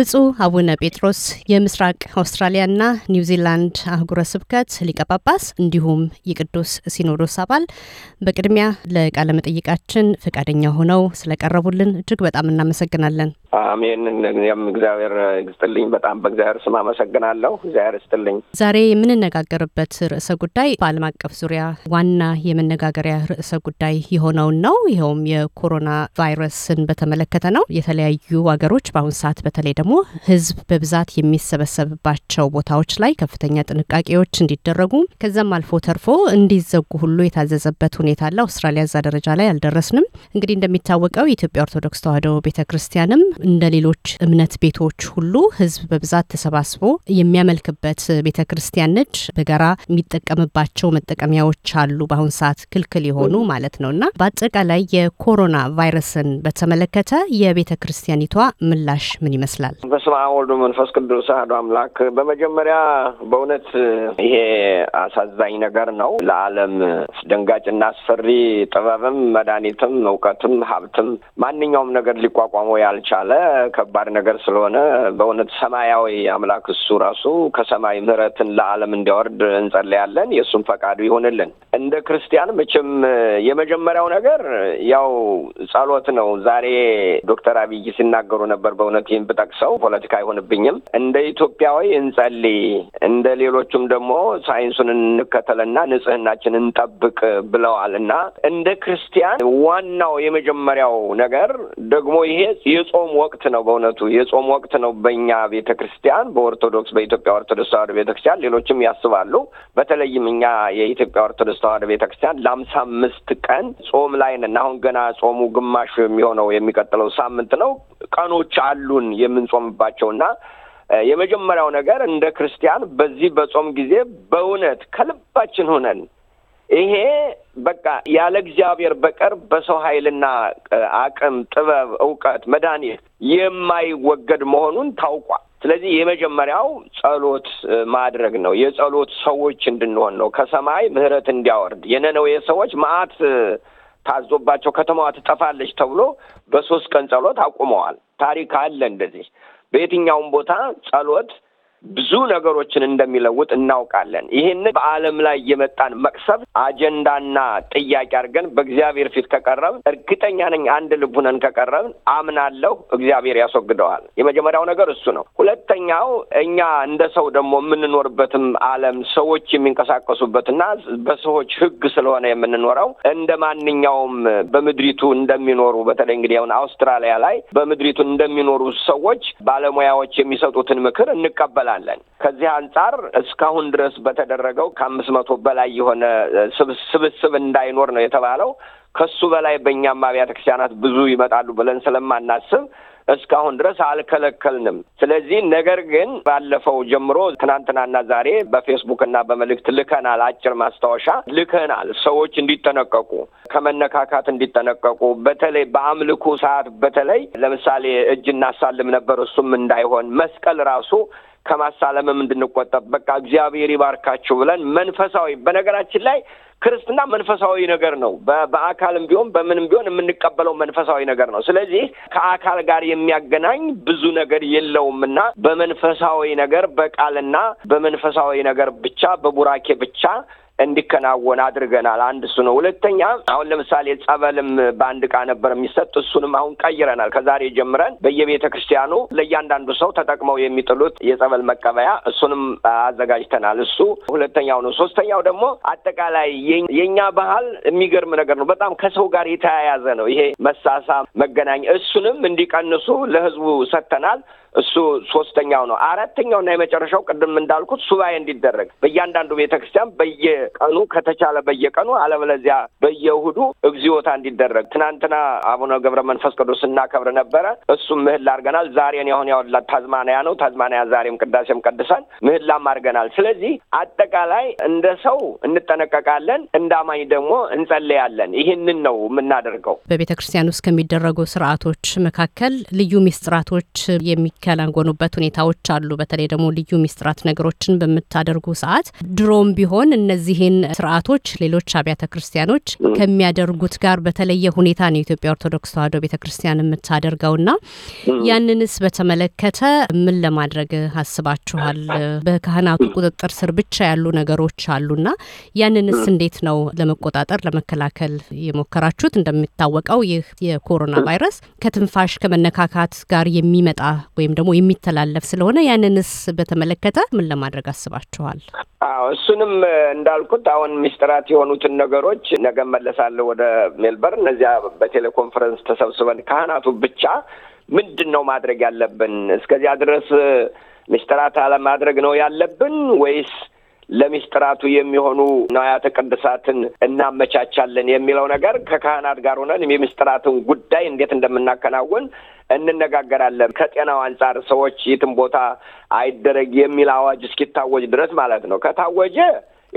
ብፁዕ አቡነ ጴጥሮስ የምስራቅ አውስትራሊያና ኒውዚላንድ አህጉረ ስብከት ሊቀ ጳጳስ እንዲሁም የቅዱስ ሲኖዶስ አባል፣ በቅድሚያ ለቃለመጠይቃችን ፈቃደኛ ሆነው ስለቀረቡልን እጅግ በጣም እናመሰግናለን። አሜን። እግዚአብሔር ይስጥልኝ። በጣም በእግዚአብሔር ስም አመሰግናለሁ። እግዚአብሔር ይስጥልኝ። ዛሬ የምንነጋገርበት ርዕሰ ጉዳይ በዓለም አቀፍ ዙሪያ ዋና የመነጋገሪያ ርዕሰ ጉዳይ የሆነውን ነው። ይኸውም የኮሮና ቫይረስን በተመለከተ ነው። የተለያዩ አገሮች በአሁኑ ሰዓት በተለይ ደግሞ ሕዝብ በብዛት የሚሰበሰብባቸው ቦታዎች ላይ ከፍተኛ ጥንቃቄዎች እንዲደረጉ ከዛም አልፎ ተርፎ እንዲዘጉ ሁሉ የታዘዘበት ሁኔታ አለ። አውስትራሊያ እዛ ደረጃ ላይ አልደረስንም። እንግዲህ እንደሚታወቀው የኢትዮጵያ ኦርቶዶክስ ተዋሕዶ ቤተ ክርስቲያንም እንደ ሌሎች እምነት ቤቶች ሁሉ ህዝብ በብዛት ተሰባስቦ የሚያመልክበት ቤተ ክርስቲያን ነች። በጋራ የሚጠቀምባቸው መጠቀሚያዎች አሉ፣ በአሁን ሰዓት ክልክል የሆኑ ማለት ነው። እና በአጠቃላይ የኮሮና ቫይረስን በተመለከተ የቤተ ክርስቲያኒቷ ምላሽ ምን ይመስላል? በስመ አብ ወወልድ ወመንፈስ ቅዱስ አሐዱ አምላክ። በመጀመሪያ በእውነት ይሄ አሳዛኝ ነገር ነው ለዓለም ደንጋጭና አስፈሪ ጥበብም መድኃኒትም እውቀትም ሀብትም ማንኛውም ነገር ሊቋቋመው ያልቻለ ካለ ከባድ ነገር ስለሆነ በእውነት ሰማያዊ አምላክ እሱ ራሱ ከሰማይ ምሕረትን ለዓለም እንዲያወርድ እንጸለያለን። የእሱም ፈቃዱ ይሆንልን። እንደ ክርስቲያን መቼም የመጀመሪያው ነገር ያው ጸሎት ነው። ዛሬ ዶክተር አብይ ሲናገሩ ነበር። በእውነት ይህን ብጠቅሰው ፖለቲካ አይሆንብኝም። እንደ ኢትዮጵያዊ እንጸልይ፣ እንደ ሌሎቹም ደግሞ ሳይንሱን እንከተልና ንጽህናችን እንጠብቅ ብለዋል እና እንደ ክርስቲያን ዋናው የመጀመሪያው ነገር ደግሞ ይሄ የጾም ወቅት ነው። በእውነቱ የጾም ወቅት ነው በእኛ ቤተ ክርስቲያን፣ በኦርቶዶክስ በኢትዮጵያ ኦርቶዶክስ ተዋሕዶ ቤተ ክርስቲያን ሌሎችም ያስባሉ። በተለይም እኛ የኢትዮጵያ ኦርቶዶክስ ተዋህዶ ቤተክርስቲያን ለአምሳ አምስት ቀን ጾም ላይ ነን። አሁን ገና ጾሙ ግማሽ የሚሆነው የሚቀጥለው ሳምንት ነው። ቀኖች አሉን የምንጾምባቸውና የመጀመሪያው ነገር እንደ ክርስቲያን በዚህ በጾም ጊዜ በእውነት ከልባችን ሆነን ይሄ በቃ ያለ እግዚአብሔር በቀር በሰው ኃይልና አቅም፣ ጥበብ፣ እውቀት፣ መድኃኒት የማይወገድ መሆኑን ታውቋል። ስለዚህ የመጀመሪያው ጸሎት ማድረግ ነው። የጸሎት ሰዎች እንድንሆን ነው። ከሰማይ ምሕረት እንዲያወርድ የነነዌ ሰዎች መዓት ታዞባቸው ከተማዋ ትጠፋለች ተብሎ በሶስት ቀን ጸሎት አቁመዋል። ታሪክ አለ እንደዚህ። በየትኛውም ቦታ ጸሎት ብዙ ነገሮችን እንደሚለውጥ እናውቃለን። ይህንን በዓለም ላይ የመጣን መቅሰብ አጀንዳና ጥያቄ አድርገን በእግዚአብሔር ፊት ከቀረብን እርግጠኛ ነኝ አንድ ልብ ሆነን ከቀረብን አምናለሁ እግዚአብሔር ያስወግደዋል። የመጀመሪያው ነገር እሱ ነው። ሁለተኛው እኛ እንደ ሰው ደግሞ የምንኖርበትም ዓለም ሰዎች የሚንቀሳቀሱበትና በሰዎች ሕግ ስለሆነ የምንኖረው እንደ ማንኛውም በምድሪቱ እንደሚኖሩ በተለይ እንግዲህ አሁን አውስትራሊያ ላይ በምድሪቱ እንደሚኖሩ ሰዎች ባለሙያዎች የሚሰጡትን ምክር እንቀበላል እንላለን። ከዚህ አንጻር እስካሁን ድረስ በተደረገው ከአምስት መቶ በላይ የሆነ ስብስብ እንዳይኖር ነው የተባለው። ከሱ በላይ በእኛም አብያተ ክርስቲያናት ብዙ ይመጣሉ ብለን ስለማናስብ እስካሁን ድረስ አልከለከልንም። ስለዚህ ነገር ግን ባለፈው ጀምሮ ትናንትናና ዛሬ በፌስቡክ እና በመልእክት ልከናል፣ አጭር ማስታወሻ ልከናል። ሰዎች እንዲጠነቀቁ፣ ከመነካካት እንዲጠነቀቁ፣ በተለይ በአምልኩ ሰዓት በተለይ ለምሳሌ እጅ እናሳልም ነበር። እሱም እንዳይሆን መስቀል ራሱ ከማሳለምም እንድንቆጠብ በቃ እግዚአብሔር ይባርካችሁ ብለን መንፈሳዊ በነገራችን ላይ ክርስትና መንፈሳዊ ነገር ነው። በአካልም ቢሆን በምንም ቢሆን የምንቀበለው መንፈሳዊ ነገር ነው። ስለዚህ ከአካል ጋር የሚያገናኝ ብዙ ነገር የለውም እና በመንፈሳዊ ነገር በቃልና በመንፈሳዊ ነገር ብቻ በቡራኬ ብቻ እንዲከናወን አድርገናል። አንድ እሱ ነው። ሁለተኛ አሁን ለምሳሌ ጸበልም በአንድ እቃ ነበር የሚሰጥ እሱንም አሁን ቀይረናል። ከዛሬ ጀምረን በየቤተ ክርስቲያኑ ለእያንዳንዱ ሰው ተጠቅመው የሚጥሉት የጸበል መቀበያ እሱንም አዘጋጅተናል። እሱ ሁለተኛው ነው። ሶስተኛው ደግሞ አጠቃላይ የእኛ ባህል የሚገርም ነገር ነው። በጣም ከሰው ጋር የተያያዘ ነው። ይሄ መሳሳ መገናኝ እሱንም እንዲቀንሱ ለህዝቡ ሰጥተናል። እሱ ሶስተኛው ነው። አራተኛውና የመጨረሻው ቅድም እንዳልኩት ሱባኤ እንዲደረግ በእያንዳንዱ ቤተክርስቲያን በየ በየቀኑ ከተቻለ በየቀኑ አለበለዚያ በየእሁዱ እግዚኦታ እንዲደረግ ትናንትና አቡነ ገብረ መንፈስ ቅዱስ እናከብር ነበረ። እሱም ምህላ አድርገናል። ዛሬ እኔ አሁን ያወላት ታዝማንያ ነው። ታዝማንያ ዛሬም ቅዳሴም ቀድሳል፣ ምህላም አድርገናል። ስለዚህ አጠቃላይ እንደ ሰው እንጠነቀቃለን፣ እንደ አማኝ ደግሞ እንጸለያለን። ይህንን ነው የምናደርገው። በቤተ ክርስቲያን ውስጥ ከሚደረጉ ስርዓቶች መካከል ልዩ ሚስጥራቶች የሚከናወኑበት ሁኔታዎች አሉ። በተለይ ደግሞ ልዩ ሚስጥራት ነገሮችን በምታደርጉ ሰዓት ድሮም ቢሆን እነዚህ እነዚህን ስርዓቶች ሌሎች አብያተ ክርስቲያኖች ከሚያደርጉት ጋር በተለየ ሁኔታ ነው የኢትዮጵያ ኦርቶዶክስ ተዋሕዶ ቤተ ክርስቲያን ና ያንንስ በተመለከተ ምን ለማድረግ አስባችኋል? በካህናቱ ቁጥጥር ስር ብቻ ያሉ ነገሮች ና ያንንስ እንዴት ነው ለመቆጣጠር ለመከላከል የሞከራችሁት? እንደሚታወቀው ይህ የኮሮና ቫይረስ ከትንፋሽ ከመነካካት ጋር የሚመጣ ወይም ደግሞ የሚተላለፍ ስለሆነ ያንንስ በተመለከተ ምን ለማድረግ አስባችኋል? እሱንም እንዳልኩ ያልኩት አሁን ሚስጥራት የሆኑትን ነገሮች ነገ መለሳለሁ ወደ ሜልበርን። እዚያ በቴሌኮንፈረንስ ተሰብስበን ካህናቱ ብቻ ምንድን ነው ማድረግ ያለብን? እስከዚያ ድረስ ሚስጥራት አለማድረግ ነው ያለብን ወይስ ለሚስጥራቱ የሚሆኑ ንዋያተ ቅድሳትን እናመቻቻለን የሚለው ነገር ከካህናት ጋር ሆነን የሚስጥራትን ጉዳይ እንዴት እንደምናከናውን እንነጋገራለን። ከጤናው አንጻር ሰዎች የትም ቦታ አይደረግ የሚል አዋጅ እስኪታወጅ ድረስ ማለት ነው። ከታወጀ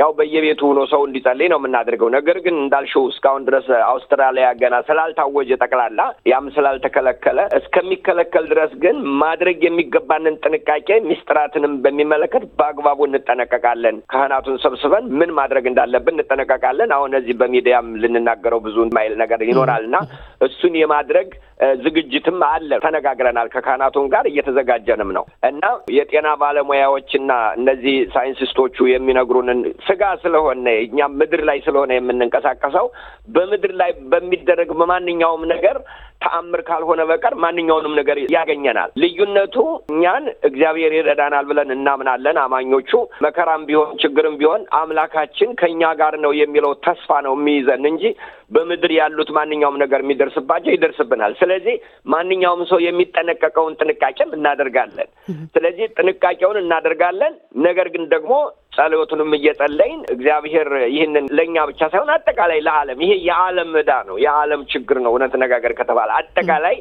ያው በየቤቱ ሆኖ ሰው እንዲጸልይ ነው የምናደርገው። ነገር ግን እንዳልሽው እስካሁን ድረስ አውስትራሊያ ገና ስላልታወጀ ጠቅላላ ያም ስላልተከለከለ እስከሚከለከል ድረስ ግን ማድረግ የሚገባንን ጥንቃቄ ሚስጥራትንም በሚመለከት በአግባቡ እንጠነቀቃለን። ካህናቱን ሰብስበን ምን ማድረግ እንዳለብን እንጠነቀቃለን። አሁን እዚህ በሚዲያም ልንናገረው ብዙ ማይል ነገር ይኖራል እና እሱን የማድረግ ዝግጅትም አለ። ተነጋግረናል ከካህናቱን ጋር እየተዘጋጀንም ነው እና የጤና ባለሙያዎችና እነዚህ ሳይንቲስቶቹ የሚነግሩንን ስጋ ስለሆነ እኛም ምድር ላይ ስለሆነ የምንንቀሳቀሰው በምድር ላይ በሚደረግ በማንኛውም ነገር ተአምር ካልሆነ በቀር ማንኛውንም ነገር ያገኘናል። ልዩነቱ እኛን እግዚአብሔር ይረዳናል ብለን እናምናለን አማኞቹ። መከራም ቢሆን ችግርም ቢሆን አምላካችን ከእኛ ጋር ነው የሚለው ተስፋ ነው የሚይዘን እንጂ በምድር ያሉት ማንኛውም ነገር የሚደርስባቸው ይደርስብናል። ስለዚህ ማንኛውም ሰው የሚጠነቀቀውን ጥንቃቄም እናደርጋለን። ስለዚህ ጥንቃቄውን እናደርጋለን። ነገር ግን ደግሞ ጸሎቱንም እየጸለይን እግዚአብሔር ይህንን ለእኛ ብቻ ሳይሆን አጠቃላይ ለዓለም ይሄ የዓለም ዕዳ ነው፣ የዓለም ችግር ነው እውነት ነጋገር ከተባለ ይባላል። አጠቃላይ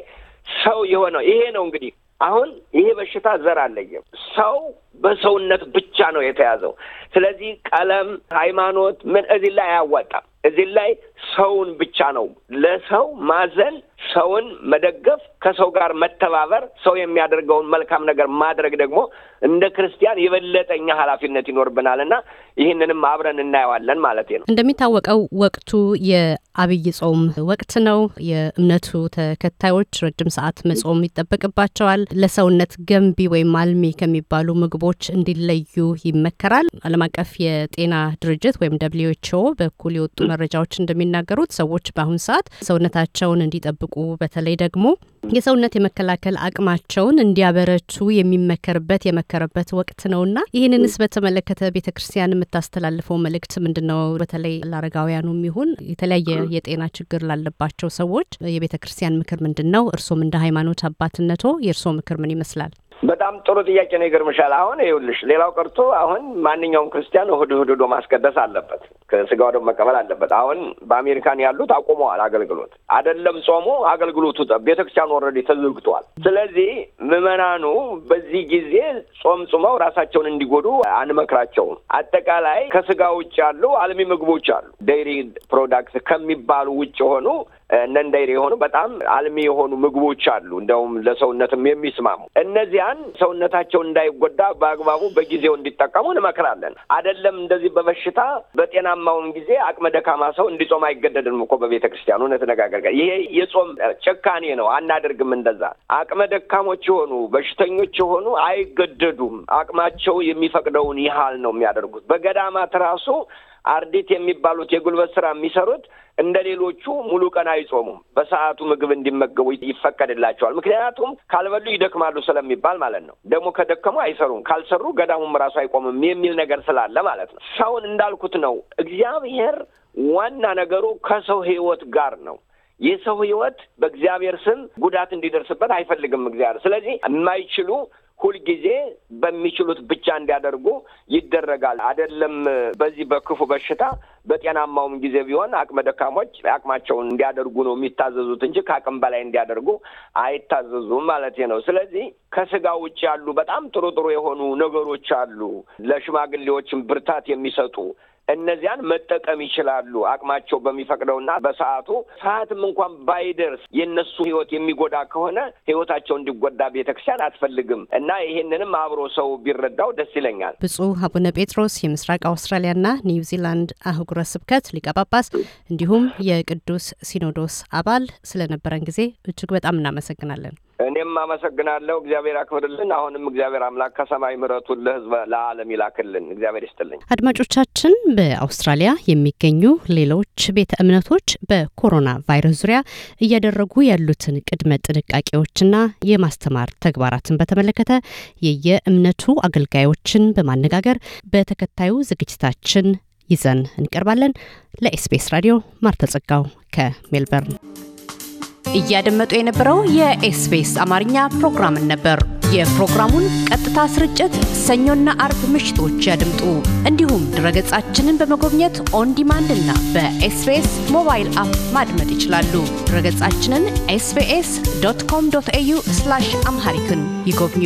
ሰው የሆነው ይሄ ነው። እንግዲህ አሁን ይሄ በሽታ ዘር አለየም። ሰው በሰውነት ብቻ ነው የተያዘው። ስለዚህ ቀለም፣ ሃይማኖት ምን እዚህ ላይ አያዋጣም። እዚህ ላይ ሰውን ብቻ ነው። ለሰው ማዘን፣ ሰውን መደገፍ፣ ከሰው ጋር መተባበር፣ ሰው የሚያደርገውን መልካም ነገር ማድረግ ደግሞ እንደ ክርስቲያን የበለጠኛ ኃላፊነት ይኖርብናል እና ይህንንም አብረን እናየዋለን ማለት ነው። እንደሚታወቀው ወቅቱ የአብይ ጾም ወቅት ነው። የእምነቱ ተከታዮች ረጅም ሰዓት መጾም ይጠበቅባቸዋል። ለሰውነት ገንቢ ወይም አልሚ ከሚባሉ ምግቦች እንዲለዩ ይመከራል። ዓለም አቀፍ የጤና ድርጅት ወይም ደብሊው ኤች ኦ በኩል የወጡ መረጃዎች እንደሚ የሚናገሩት ሰዎች በአሁን ሰዓት ሰውነታቸውን እንዲጠብቁ በተለይ ደግሞ የሰውነት የመከላከል አቅማቸውን እንዲያበረቱ የሚመከርበት የመከረበት ወቅት ነውና ይህንንስ በተመለከተ ቤተ ክርስቲያን የምታስተላልፈው መልእክት ምንድን ነው? በተለይ ለአረጋውያኑም የሚሆን የተለያየ የጤና ችግር ላለባቸው ሰዎች የቤተ ክርስቲያን ምክር ምንድን ነው? እርሶም እንደ ሃይማኖት አባትነቶ የእርሶ ምክር ምን ይመስላል? በጣም ጥሩ ጥያቄ ነው። ይገርምሻል። አሁን ይኸውልሽ፣ ሌላው ቀርቶ አሁን ማንኛውም ክርስቲያን እሑድ እሑድ ዶ ማስቀደስ አለበት፣ ከስጋ ወደሙ መቀበል አለበት። አሁን በአሜሪካን ያሉት አቁመዋል አገልግሎት። አደለም ጾሙ አገልግሎቱ ቤተክርስቲያን ወረድ ተዘግቷል። ስለዚህ ምዕመናኑ በዚህ ጊዜ ጾም ጽመው ራሳቸውን እንዲጎዱ አንመክራቸውም። አጠቃላይ ከስጋ ውጭ ያሉ አልሚ ምግቦች አሉ፣ ዴይሪ ፕሮዳክት ከሚባሉ ውጭ የሆኑ እነን የሆኑ በጣም አልሚ የሆኑ ምግቦች አሉ። እንደውም ለሰውነትም የሚስማሙ እነዚያን ሰውነታቸው እንዳይጎዳ በአግባቡ በጊዜው እንዲጠቀሙ እንመክራለን። አይደለም እንደዚህ በበሽታ በጤናማውን ጊዜ አቅመ ደካማ ሰው እንዲጾም አይገደድም እኮ በቤተ ክርስቲያኑ። እንነጋገር ይሄ የጾም ጭካኔ ነው። አናደርግም እንደዛ። አቅመ ደካሞች የሆኑ በሽተኞች የሆኑ አይገደዱም። አቅማቸው የሚፈቅደውን ያህል ነው የሚያደርጉት። በገዳማት ራሱ አርዲት የሚባሉት የጉልበት ስራ የሚሰሩት እንደ ሌሎቹ ሙሉ ቀን አይጾሙም። በሰዓቱ ምግብ እንዲመገቡ ይፈቀድላቸዋል። ምክንያቱም ካልበሉ ይደክማሉ ስለሚባል ማለት ነው። ደግሞ ከደከሙ አይሰሩም፣ ካልሰሩ ገዳሙም ራሱ አይቆምም የሚል ነገር ስላለ ማለት ነው። ሰውን እንዳልኩት ነው። እግዚአብሔር ዋና ነገሩ ከሰው ህይወት ጋር ነው። የሰው ህይወት በእግዚአብሔር ስም ጉዳት እንዲደርስበት አይፈልግም እግዚአብሔር። ስለዚህ የማይችሉ ሁልጊዜ በሚችሉት ብቻ እንዲያደርጉ ይደረጋል። አይደለም በዚህ በክፉ በሽታ በጤናማውም ጊዜ ቢሆን አቅመ ደካሞች አቅማቸውን እንዲያደርጉ ነው የሚታዘዙት እንጂ ከአቅም በላይ እንዲያደርጉ አይታዘዙም ማለት ነው። ስለዚህ ከስጋ ውጭ ያሉ በጣም ጥሩ ጥሩ የሆኑ ነገሮች አሉ። ለሽማግሌዎችም ብርታት የሚሰጡ እነዚያን መጠቀም ይችላሉ አቅማቸው በሚፈቅደውና በሰዓቱ ሰዓትም እንኳን ባይደርስ የእነሱ ህይወት የሚጎዳ ከሆነ ህይወታቸው እንዲጎዳ ቤተክርስቲያን አትፈልግም እና ይሄንንም አብሮ ሰው ቢረዳው ደስ ይለኛል። ብፁዕ አቡነ ጴጥሮስ የምስራቅ አውስትራሊያና ኒውዚላንድ አህጉረ ስብከት ሊቃ ጳጳስ እንዲሁም የቅዱስ ሲኖዶስ አባል ስለነበረን ጊዜ እጅግ በጣም እናመሰግናለን። እኔም አመሰግናለሁ። እግዚአብሔር አክብርልን። አሁንም እግዚአብሔር አምላክ ከሰማይ ምሕረቱን ለህዝበ ለዓለም ይላክልን። እግዚአብሔር ይስጥልኝ። አድማጮቻችን፣ በአውስትራሊያ የሚገኙ ሌሎች ቤተ እምነቶች በኮሮና ቫይረስ ዙሪያ እያደረጉ ያሉትን ቅድመ ጥንቃቄዎችና የማስተማር ተግባራትን በተመለከተ የየእምነቱ አገልጋዮችን በማነጋገር በተከታዩ ዝግጅታችን ይዘን እንቀርባለን። ለኤስቢኤስ ራዲዮ ማርተ ጸጋው ከሜልበርን እያደመጡ የነበረው የኤስቢኤስ አማርኛ ፕሮግራምን ነበር። የፕሮግራሙን ቀጥታ ስርጭት ሰኞና አርብ ምሽቶች ያድምጡ። እንዲሁም ድረገጻችንን በመጎብኘት ኦን ዲማንድ እና በኤስቢኤስ ሞባይል አፕ ማድመጥ ይችላሉ። ድረገጻችንን ኤስቢኤስ ዶት ኮም ዶት ኤዩ አምሃሪክን ይጎብኙ።